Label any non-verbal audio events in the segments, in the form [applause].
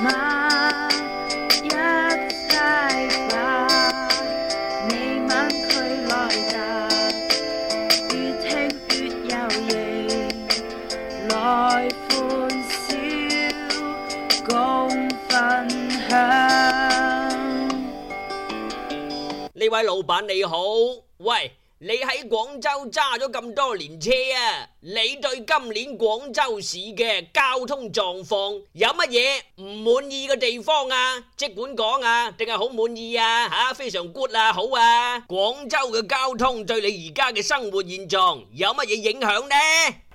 呢位老闆你好，喂。你喺廣州揸咗咁多年車啊，你對今年廣州市嘅交通狀況有乜嘢唔滿意嘅地方啊？即管講啊，定係好滿意啊？吓，非常 good 啊，好啊！廣州嘅交通對你而家嘅生活現狀有乜嘢影響呢？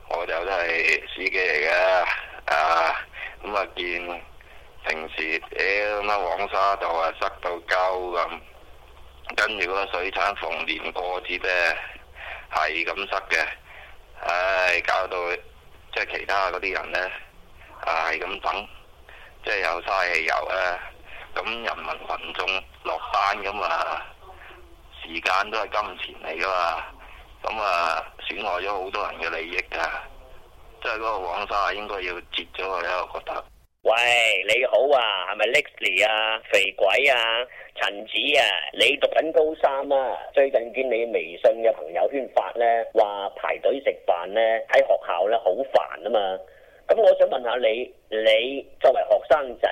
我就係司機嚟嘅，啊，咁、嗯、啊見平時誒乜黃沙道啊塞到鳩咁。跟住嗰個水產逢年過節咧係咁塞嘅。唉、啊，搞到即係其他嗰啲人咧啊係咁等，即係又嘥汽油啊，咁人民群眾落班咁啊，時間都係金錢嚟噶嘛，咁啊損害咗好多人嘅利益噶，即係嗰個黃沙應該要截咗佢咧，我覺得。喂，你好啊，係咪 Lixley 啊，肥鬼啊，陳子啊？你讀緊高三啊？最近見你微信嘅朋友圈發呢話排隊食飯呢，喺學校呢好煩啊嘛。咁我想問下你，你作為學生仔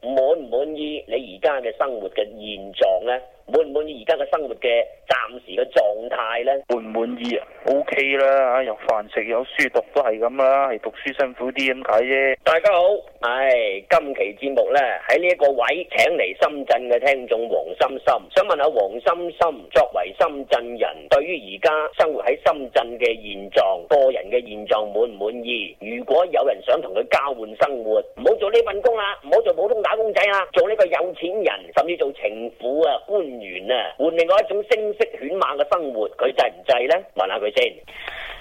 滿唔滿意你而家嘅生活嘅現狀呢？滿唔滿意而家嘅生活嘅暫時嘅狀態呢？滿唔滿意啊？O K 啦，有飯食，有，有書讀都，都係咁啦，係讀書辛苦啲咁解啫。大家好，唉、哎，今期節目呢，喺呢一個位，請嚟深圳嘅聽眾黃心心，想問下黃心心，作為深圳人，對於而家生活喺深圳嘅現狀，個人嘅現狀滿唔滿意？如果有人想同佢交換生活，唔好做呢份工啦，唔好做普通打工仔啦，做呢個有錢人，甚至做情婦啊，官完啦，換另外一種聲色犬馬嘅生活，佢制唔制呢？問下佢先。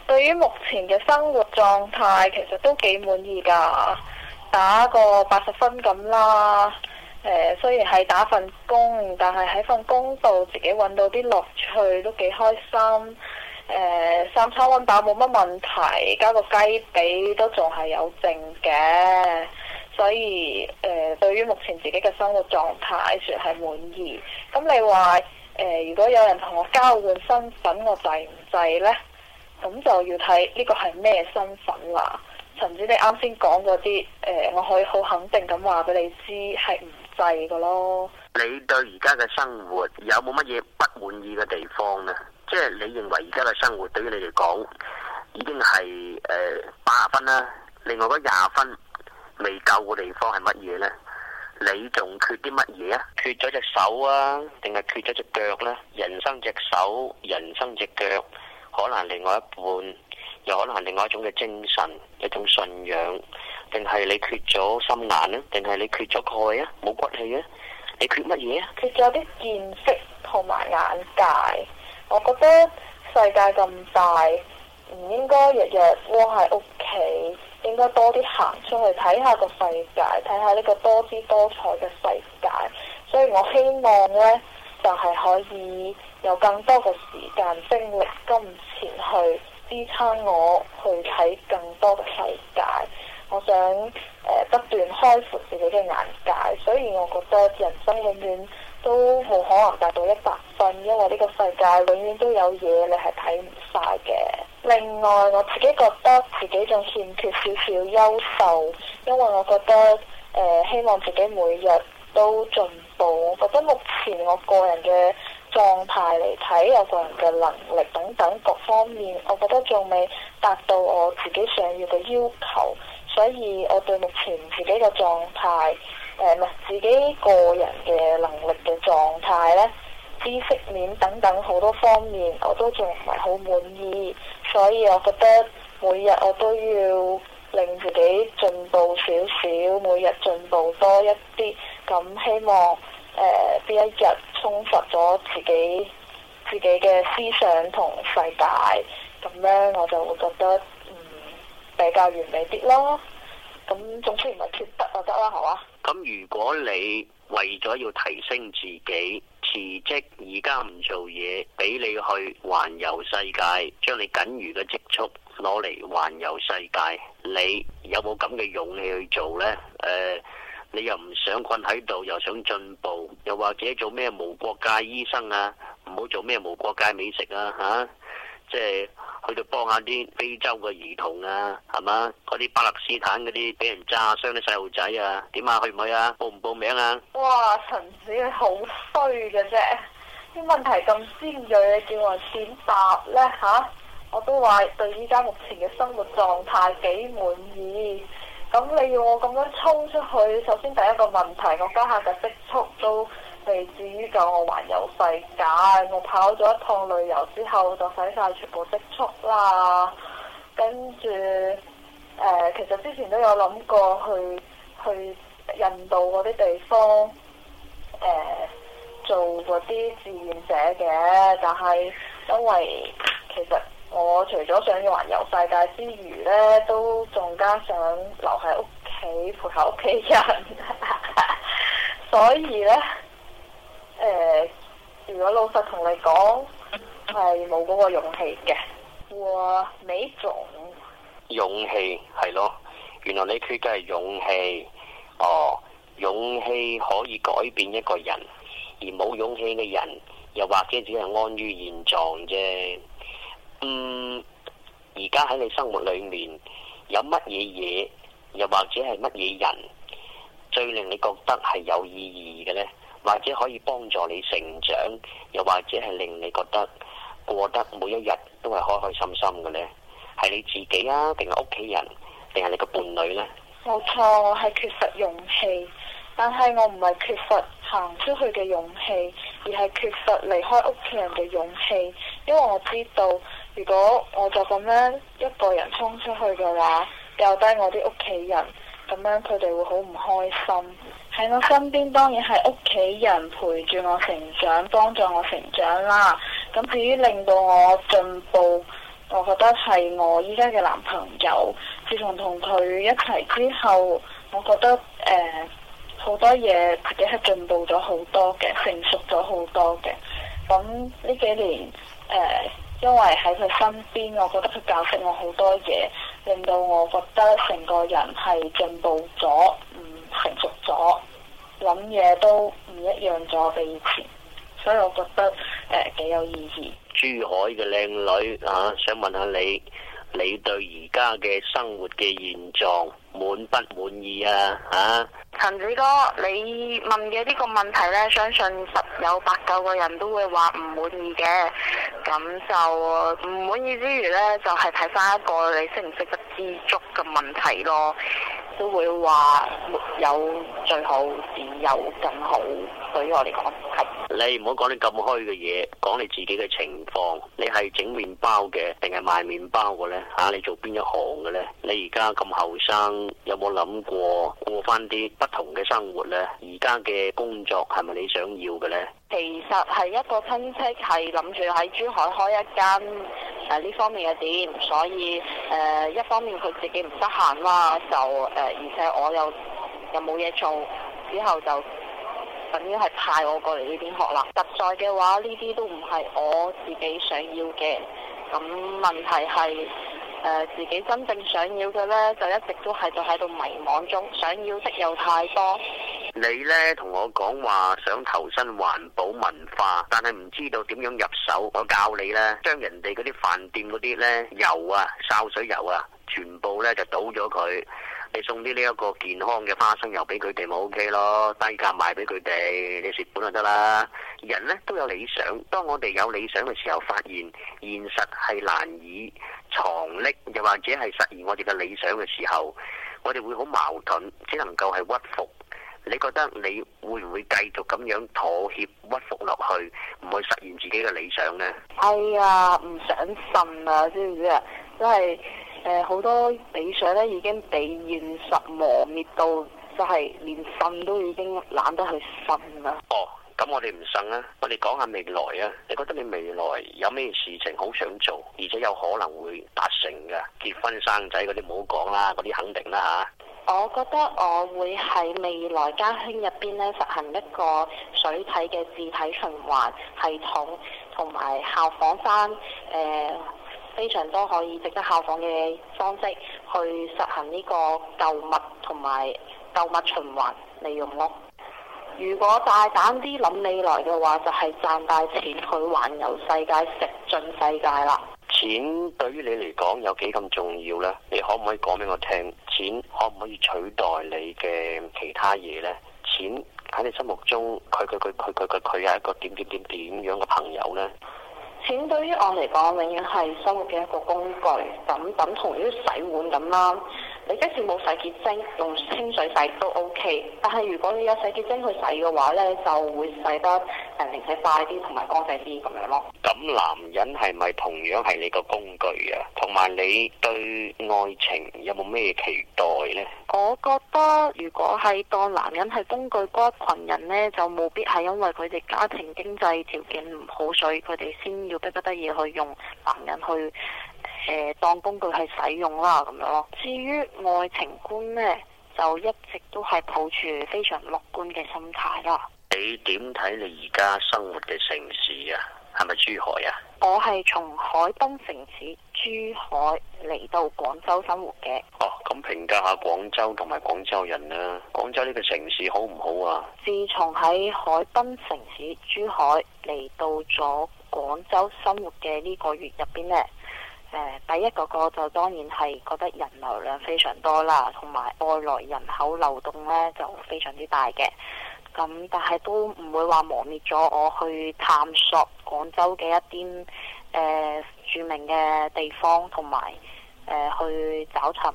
對於目前嘅生活狀態，其實都幾滿意噶，打個八十分咁啦。誒、呃，雖然係打份工，但係喺份工度自己搵到啲樂趣，都幾開心。誒、呃，三餐溫飽冇乜問題，加個雞髀都仲係有剩嘅。所以誒、呃，對於目前自己嘅生活狀態算係滿意。咁你話誒、呃，如果有人同我交換身份，我制唔制呢？咁就要睇呢個係咩身份啦、啊。甚至你啱先講嗰啲誒，我可以好肯定咁話俾你知係唔制㗎咯。你對而家嘅生活有冇乜嘢不滿意嘅地方咧？即係你認為而家嘅生活對於你嚟講已經係誒八十分啦。另外嗰廿分。未夠嘅地方係乜嘢呢？你仲缺啲乜嘢啊？缺咗隻手啊，定係缺咗隻腳呢？人生隻手，人生隻腳，可能另外一半，又可能另外一種嘅精神，一種信仰，定係你缺咗心眼呢？定係你缺咗鈣啊？冇骨氣啊？你缺乜嘢啊？缺咗啲見識同埋眼界，我覺得世界咁大，唔應該日日窩喺屋企。應該多啲行出去睇下個世界，睇下呢個多姿多彩嘅世界。所以我希望呢，就係可以有更多嘅時間、精力、金錢去支撐我去睇更多嘅世界。我想誒、呃、不斷開闊自己嘅眼界，所以我覺得人生永遠，都冇可能達到一百分，因為呢個世界永遠都有嘢你係睇唔晒嘅。另外，我自己覺得自己仲欠缺少少優秀，因為我覺得誒、呃、希望自己每日都進步。我覺得目前我個人嘅狀態嚟睇，我個人嘅能力等等各方面，我覺得仲未達到我自己想要嘅要求，所以我對目前自己嘅狀態。誒、呃，自己個人嘅能力嘅狀態咧，知識面等等好多方面，我都仲唔係好滿意，所以我覺得每日我都要令自己進步少少，每日進步多一啲，咁希望誒，呢、呃、一日充實咗自己自己嘅思想同世界，咁樣我就會覺得嗯比較完美啲咯。咁總之唔係缺德就得啦，係嘛？咁如果你為咗要提升自己辭職，而家唔做嘢，俾你去環遊世界，將你僅餘嘅積蓄攞嚟環遊世界，你有冇咁嘅勇氣去做呢？誒、呃，你又唔想困喺度，又想進步，又或者做咩無國界醫生啊？唔好做咩無國界美食啊！嚇、啊，即係。去到幫下啲非洲嘅兒童啊，係嘛？嗰啲巴勒斯坦嗰啲俾人炸傷啲細路仔啊，點啊？去唔去啊？報唔報名啊？哇！陳子，你好衰嘅啫，啲問題咁尖鋭，你叫我點答咧嚇？我都話對依家目前嘅生活狀態幾滿意，咁你要我咁樣衝出去，首先第一個問題，我家下就積蓄都，未至於夠我環遊世界，我跑咗一趟旅遊之後就使晒全部積蓄啦。跟住，誒、呃，其實之前都有諗過去去印度嗰啲地方誒、呃、做嗰啲志願者嘅，但係因為其實我除咗想要環遊世界之餘咧，都仲加想留喺屋企陪下屋企人， [laughs] 所以咧。誒、呃，如果老實同你講，係冇嗰個勇氣嘅。哇，你仲勇氣係咯？原來你缺嘅係勇氣。哦，勇氣可以改變一個人，而冇勇氣嘅人，又或者只係安於現狀啫。嗯，而家喺你生活裏面有乜嘢嘢，又或者係乜嘢人，最令你覺得係有意義嘅呢？或者可以幫助你成長，又或者係令你覺得過得每一日都係開開心心嘅呢，係你自己啊，定係屋企人，定係你個伴侶呢？冇錯，我係缺乏勇氣，但係我唔係缺乏行出去嘅勇氣，而係缺乏離開屋企人嘅勇氣。因為我知道，如果我就咁樣一個人衝出去嘅話，掉低我啲屋企人，咁樣佢哋會好唔開心。喺我身邊當然係屋企人陪住我成長，幫助我成長啦。咁至於令到我進步，我覺得係我依家嘅男朋友。自從同佢一齊之後，我覺得誒，好多嘢自己係進步咗好多嘅，成熟咗好多嘅。咁呢幾年誒、呃，因為喺佢身邊，我覺得佢教識我好多嘢，令到我覺得成個人係進步咗，嗯，成熟咗。諗嘢都唔一樣咗畀以前，所以我覺得誒幾有意義。珠海嘅靚女嚇、啊，想問下你，你對而家嘅生活嘅現狀，滿不滿意啊？吓、啊，陳子哥，你問嘅呢個問題呢，相信十有八九個人都會話唔滿意嘅。咁就唔滿意之餘呢，就係睇翻一個你識唔識得知足嘅問題咯。都會話沒有最好，只有更好。對於我嚟講，係。你唔好講你咁虛嘅嘢，講你自己嘅情況。你係整麵包嘅定係賣麵包嘅咧？吓、啊，你做邊一行嘅咧？你而家咁後生，有冇諗過過翻啲不同嘅生活咧？而家嘅工作係咪你想要嘅咧？其實係一個親戚係諗住喺珠海開一間誒呢方面嘅店，所以誒、呃、一方面佢自己唔得閒啦，就誒、呃、而且我又又冇嘢做之後就。等於係派我過嚟呢邊學啦。實在嘅話，呢啲都唔係我自己想要嘅。咁問題係，誒自己真正想要嘅呢，就一直都係就喺度迷惘中，想要的又太多。你呢，同我講話想投身環保文化，但係唔知道點樣入手，我教你呢，將人哋嗰啲飯店嗰啲呢油啊、潲水油啊，全部呢就倒咗佢。送啲呢一個健康嘅花生油俾佢哋咪 OK 咯，低價賣俾佢哋，你蝕本就得啦。人呢都有理想，當我哋有理想嘅時候，發現現實係難以藏匿，又或者係實現我哋嘅理想嘅時候，我哋會好矛盾，只能夠係屈服。你覺得你會唔會繼續咁樣妥協屈服落去，唔去實現自己嘅理想呢？係啊、哎，唔想信啊，知唔知啊？因為～誒，好、呃、多理想咧，已經被現實磨滅到，就係、是、連信都已經懶得去信啦。哦，咁我哋唔信啊！我哋講下未來啊，你覺得你未來有咩事情好想做，而且有可能會達成噶？結婚生仔嗰啲唔好講啦，嗰啲肯定啦。我覺得我會喺未來家鄉入邊咧，實行一個水體嘅自體循環系統，同埋效仿翻誒。呃非常多可以值得效仿嘅方式去實行呢個購物同埋購物循環利用咯。如果大膽啲諗未來嘅話，就係賺大錢去環遊世界、食盡世界啦。錢對於你嚟講有幾咁重要咧？你可唔可以講俾我聽？錢可唔可以取代你嘅其他嘢咧？錢喺你心目中，佢佢佢佢佢佢佢係一個點點點點樣嘅朋友咧？錢對於我嚟講，永遠係生活嘅一個工具，咁等同於洗碗咁啦。你今次冇洗潔精，用清水洗都 O K。但係如果你有洗潔精去洗嘅話呢，就會洗得誒、呃、乾淨快啲同埋乾淨啲咁樣咯。咁男人係咪同樣係你個工具啊？同埋你對愛情有冇咩期待呢？我覺得如果係當男人係工具嗰一群人呢，就冇必係因為佢哋家庭經濟條件唔好，所以佢哋先要迫不得已去用男人去。誒，當工具去使用啦，咁樣咯。至於愛情觀呢，就一直都係抱住非常樂觀嘅心態啦。你點睇你而家生活嘅城市啊？係咪珠海啊？我係從海濱城市珠海嚟到廣州生活嘅。哦，咁評價下廣州同埋廣州人啊。廣州呢個城市好唔好啊？自從喺海濱城市珠海嚟到咗廣州生活嘅呢個月入邊呢。誒、呃，第一個個就當然係覺得人流量非常多啦，同埋外來人口流動呢就非常之大嘅。咁、嗯、但係都唔會話磨滅咗我去探索廣州嘅一啲誒、呃、著名嘅地方，同埋誒去找尋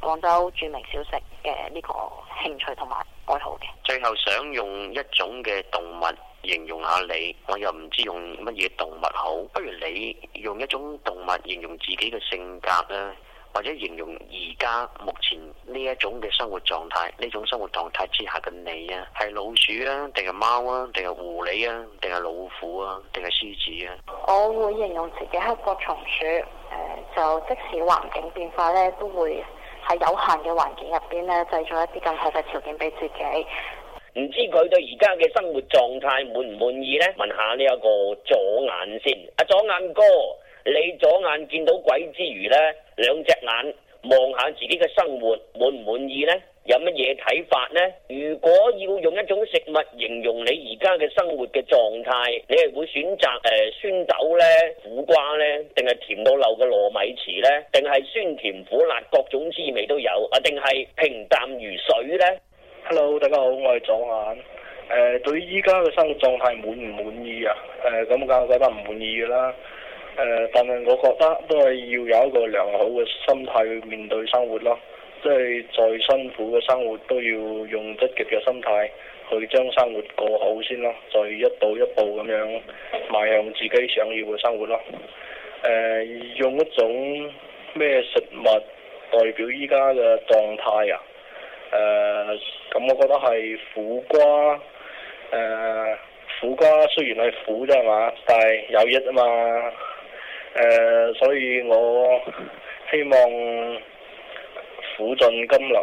廣州著名小食嘅呢個興趣同埋愛好嘅。最後想用一種嘅動物。形容下你，我又唔知用乜嘢動物好，不如你用一種動物形容自己嘅性格啦，或者形容而家目前呢一種嘅生活狀態，呢種生活狀態之下嘅你啊，係老鼠啊，定係貓啊，定係狐狸啊，定係老虎啊，定係獅子啊？我會形容自己係個松鼠，誒，就即使環境變化呢，都會喺有限嘅環境入邊呢，製造一啲更好嘅條件俾自己。唔知佢對而家嘅生活狀態滿唔滿意呢？問下呢一個左眼先，阿左眼哥，你左眼見到鬼之餘呢，兩隻眼望下自己嘅生活滿唔滿意呢？有乜嘢睇法呢？如果要用一種食物形容你而家嘅生活嘅狀態，你係會選擇誒、呃、酸豆呢？苦瓜呢？定係甜到漏嘅糯米糍呢？定係酸甜苦辣各種滋味都有啊？定係平淡如水呢？Hello，大家好，我係左眼。誒、呃，對於依家嘅生活狀態滿唔滿意啊？誒、呃，咁梗覺得唔滿意噶啦。誒、呃，但係我覺得都係要有一個良好嘅心態去面對生活咯。即係再辛苦嘅生活都要用積極嘅心態去將生活過好先咯。再一步一步咁樣邁向自己想要嘅生活咯。誒、呃，用一種咩食物代表依家嘅狀態啊？誒、呃。咁、嗯、我覺得係苦瓜，誒、呃，苦瓜雖然係苦啫係嘛，但係有益啊嘛，誒、呃，所以我希望苦盡甘來。.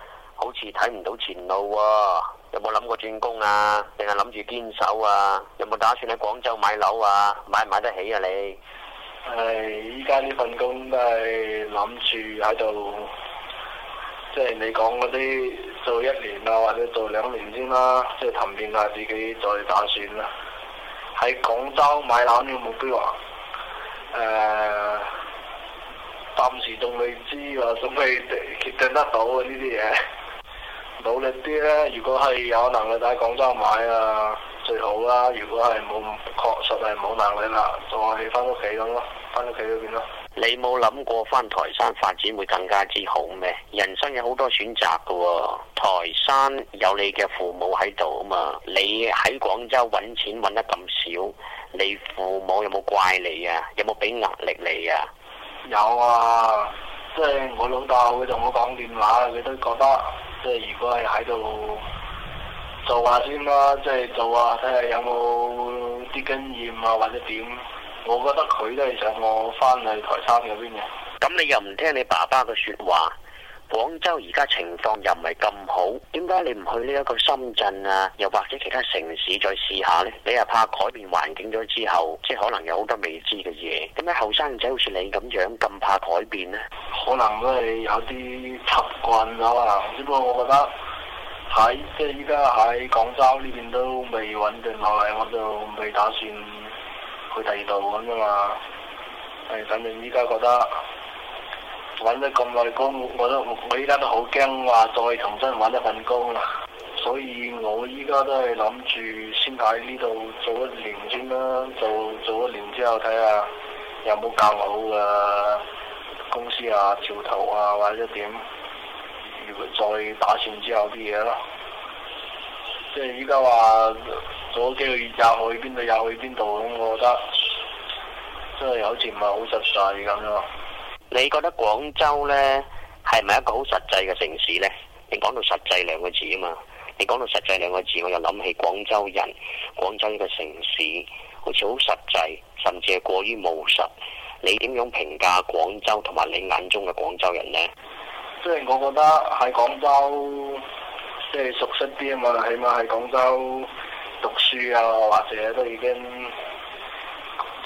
好似睇唔到前路喎，有冇諗過轉工啊？定係諗住堅守啊？有冇打算喺廣州買樓啊？買唔買得起啊？你？誒，依家呢份工都係諗住喺度，即係你講嗰啲做一年啊，或者做兩年先啦，即係沉澱下自己再打算啦。喺廣州買樓呢個目標啊，誒，暫時仲未知喎，仲未，未決定得到呢啲嘢。努力啲咧！如果係有能力喺廣州買啊，最好啦。如果係冇，確實係冇能力啦，就係翻屋企咁咯。翻屋企嗰邊咯。你冇諗過翻台山發展會更加之好咩？人生有好多選擇噶喎。台山有你嘅父母喺度啊嘛。你喺廣州揾錢揾得咁少，你父母有冇怪你啊？有冇俾壓力你啊？有啊，即係我老豆佢同我講電話，佢都覺得。即係如果係喺度做下先啦，即係做下睇下有冇啲經驗啊，或者點？我覺得佢都係想我翻去台山嗰邊嘅。咁你又唔聽你爸爸嘅說話？廣州而家情況又唔係咁好，點解你唔去呢一個深圳啊，又或者其他城市再試下呢？你又怕改變環境咗之後，即係可能有好多未知嘅嘢。點解後生仔好似你咁樣咁怕改變呢？可能都係有啲習慣啊嘛。只不過我覺得喺即係依家喺廣州呢邊都未穩定落嚟，我就未打算去第二度咁㗎嘛。係，反正依家覺得。搵咗咁耐工，我覺得我依家都好驚，話再重新搵一份工啦，所以我依家都係諗住先喺呢度做一年先啦，做做一年之後睇下有冇更好嘅公司啊、朝頭啊或者點。如果再打算之後啲嘢咯。即係依家話做咗幾個月又去邊度又去邊度，咁我覺得真係好似唔係好實際咁樣。你覺得廣州呢係咪一個好實際嘅城市呢？你講到實際兩個字啊嘛，你講到實際兩個字，我又諗起廣州人、廣州呢個城市，好似好實際，甚至係過於務實。你點樣評價廣州同埋你眼中嘅廣州人呢？雖然我覺得喺廣州，即係熟悉啲啊嘛，起碼喺廣州讀書啊，或者都已經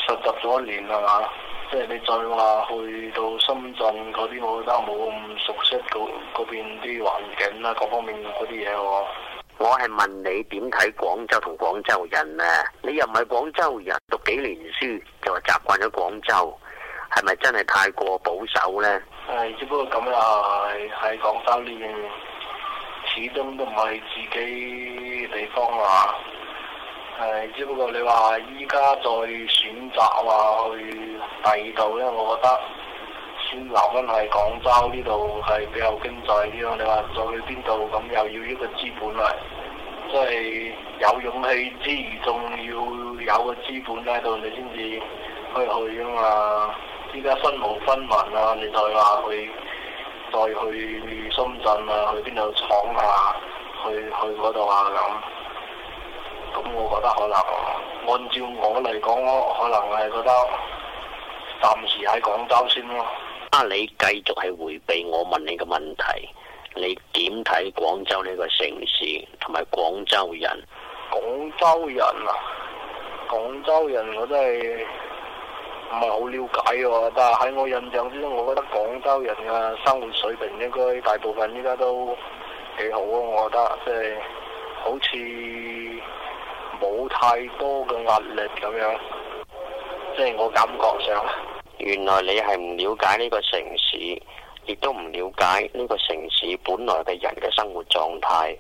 實習咗一年啦嘛。即係你再話去到深圳嗰邊，我覺得冇咁熟悉嗰嗰邊啲環境啦，各方面嗰啲嘢我。我係問你點睇廣州同廣州人呢？你又唔係廣州人，讀幾年書就話習慣咗廣州，係咪真係太過保守呢？係，只不過咁又係喺廣州呢邊，始終都唔係自己地方啊。係只不過你話依家再選擇話、啊、去第二度咧，因為我覺得先留翻喺廣州呢度係比較經濟啲咯。你話再去邊度咁又要一個資本嚟，即係有勇氣之餘仲要有個資本喺度，你先至可以去，去，嗯、㗎嘛。依家身無分文啊，你再話去，再去深圳啊，去邊度闖下，去去嗰度啊咁。咁、嗯、我覺得可能，按照我嚟講，我可能係覺得暫時喺廣州先咯。啊！你繼續係回避我問你嘅問題，你點睇廣州呢個城市同埋廣，廣州人？廣州人啊，廣州人我真係唔係好了解喎，但係喺我印象之中，我覺得廣州人嘅生活水平應該大部分依家都幾好啊，我覺得即係好似。冇太多嘅壓力咁樣，即係我感覺上。原來你係唔了解呢個城市，亦都唔了解呢個城市本來嘅人嘅生活狀態，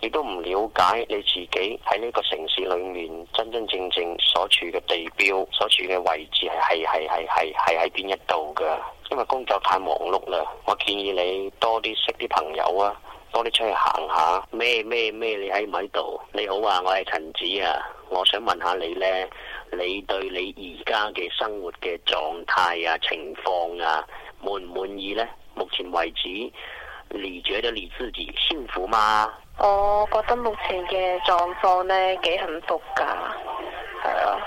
亦都唔了解你自己喺呢個城市裏面真真正正所處嘅地標、所處嘅位置係係係係係喺邊一度噶。因為工作太忙碌啦，我建議你多啲識啲朋友啊。幫你出去行下咩咩咩？你喺唔喺度？你好啊，我係陳子啊，我想問下你呢，你對你而家嘅生活嘅狀態啊、情況啊滿唔滿意呢？目前為止，你覺得你自己幸福嗎？我覺得目前嘅狀況呢，幾幸福噶。係啊？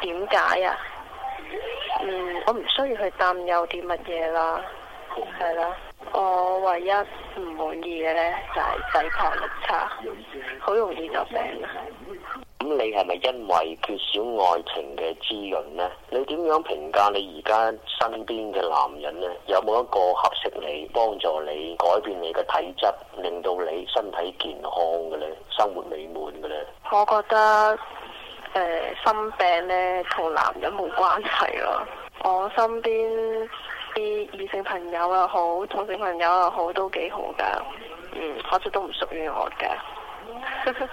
點解啊？嗯，我唔需要去擔憂啲乜嘢啦，係啦。我唯一唔滿意嘅呢，就係抵抗力差，好容易就病啦。咁、嗯、你係咪因為缺少愛情嘅滋潤呢？你點樣評價你而家身邊嘅男人呢？有冇一個合適你，幫助你改變你嘅體質，令到你身體健康嘅呢？生活美滿嘅呢？我覺得，誒、呃，心病呢，同男人冇關係咯。我身邊。異性朋友又好，同性朋友又好，都幾好㗎。嗯，可惜都唔屬於我噶。 [laughs]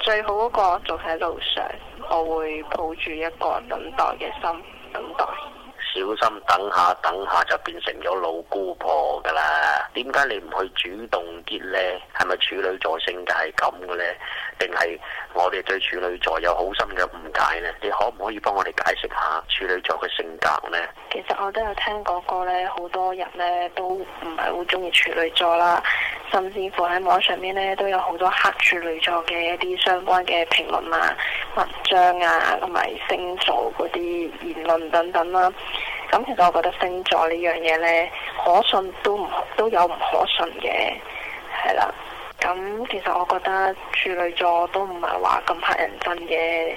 最好嗰個仲喺路上，我會抱住一個等待嘅心，等待。小心，等下等下就變成咗老姑婆噶啦！點解你唔去主動啲呢？係咪處女座性格係咁嘅呢？定係我哋對處女座有好深嘅誤解呢？你可唔可以幫我哋解釋下處女座嘅性格呢？其實我都有聽講過咧，好多人咧都唔係好中意處女座啦，甚至乎喺網上面咧都有好多黑處女座嘅一啲相關嘅評論嘛。文章啊，同埋星座嗰啲言論等等啦、啊，咁其實我覺得星座呢樣嘢咧，可信都唔都有唔可信嘅，係啦。咁其實我覺得處女座都唔係話咁嚇人憎嘅，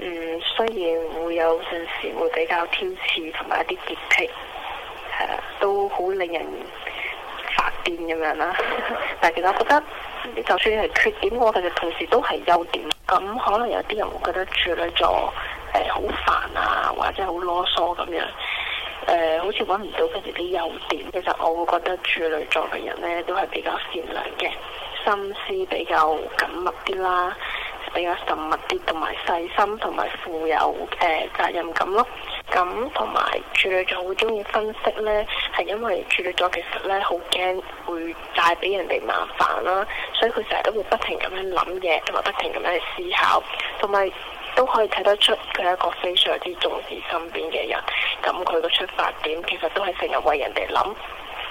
嗯，雖然會有陣時會比較挑刺同埋一啲潔癖，係啦，都好令人。變咁樣啦， [laughs] 但其實我覺得，就算係缺點，我其實同時都係優點。咁可能有啲人會覺得處女座誒好煩啊，或者好囉嗦咁樣，誒、呃、好似搵唔到佢哋啲優點。其實我會覺得處女座嘅人咧都係比較善良嘅，心思比較緊密啲啦。比較縝密啲，同埋細心，同埋富有誒、呃、責任感咯。咁同埋處女座好中意分析呢，係因為處女座其實呢好驚會帶俾人哋麻煩啦、啊，所以佢成日都會不停咁樣諗嘢，同埋不停咁樣去思考，同埋都可以睇得出佢係一個非常之重視身邊嘅人。咁佢個出發點其實都係成日為人哋諗。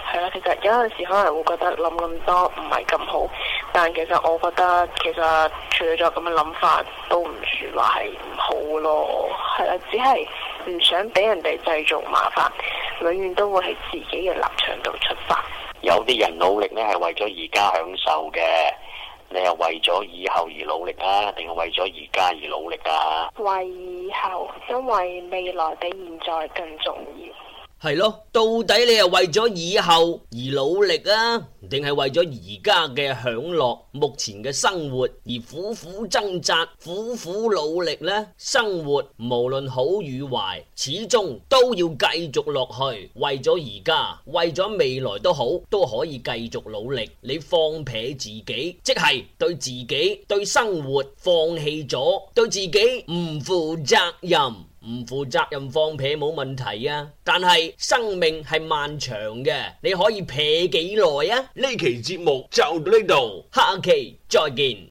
係啦，其實有陣時可能會覺得諗咁多唔係咁好，但其實我覺得其實除咗咁嘅諗法都唔算話係唔好咯。係啦，只係唔想俾人哋製造麻煩，永遠都會喺自己嘅立場度出發。有啲人努力呢係為咗而家享受嘅，你係為咗以後而努力啊，定係為咗而家而努力啊？為以後，因為未來比現在更重要。係咯，到底你係為咗以後而努力啊，定係為咗而家嘅享樂、目前嘅生活而苦苦掙扎、苦苦努力呢？生活無論好與壞，始終都要繼續落去。為咗而家、為咗未來都好，都可以繼續努力。你放撇自己，即係對自己、對生活放棄咗，對自己唔負責任。唔負責任，放屁冇問題啊，但係生命係漫長嘅，你可以撇幾耐啊？呢期節目就到呢度，下期再見。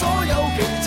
所有嘅。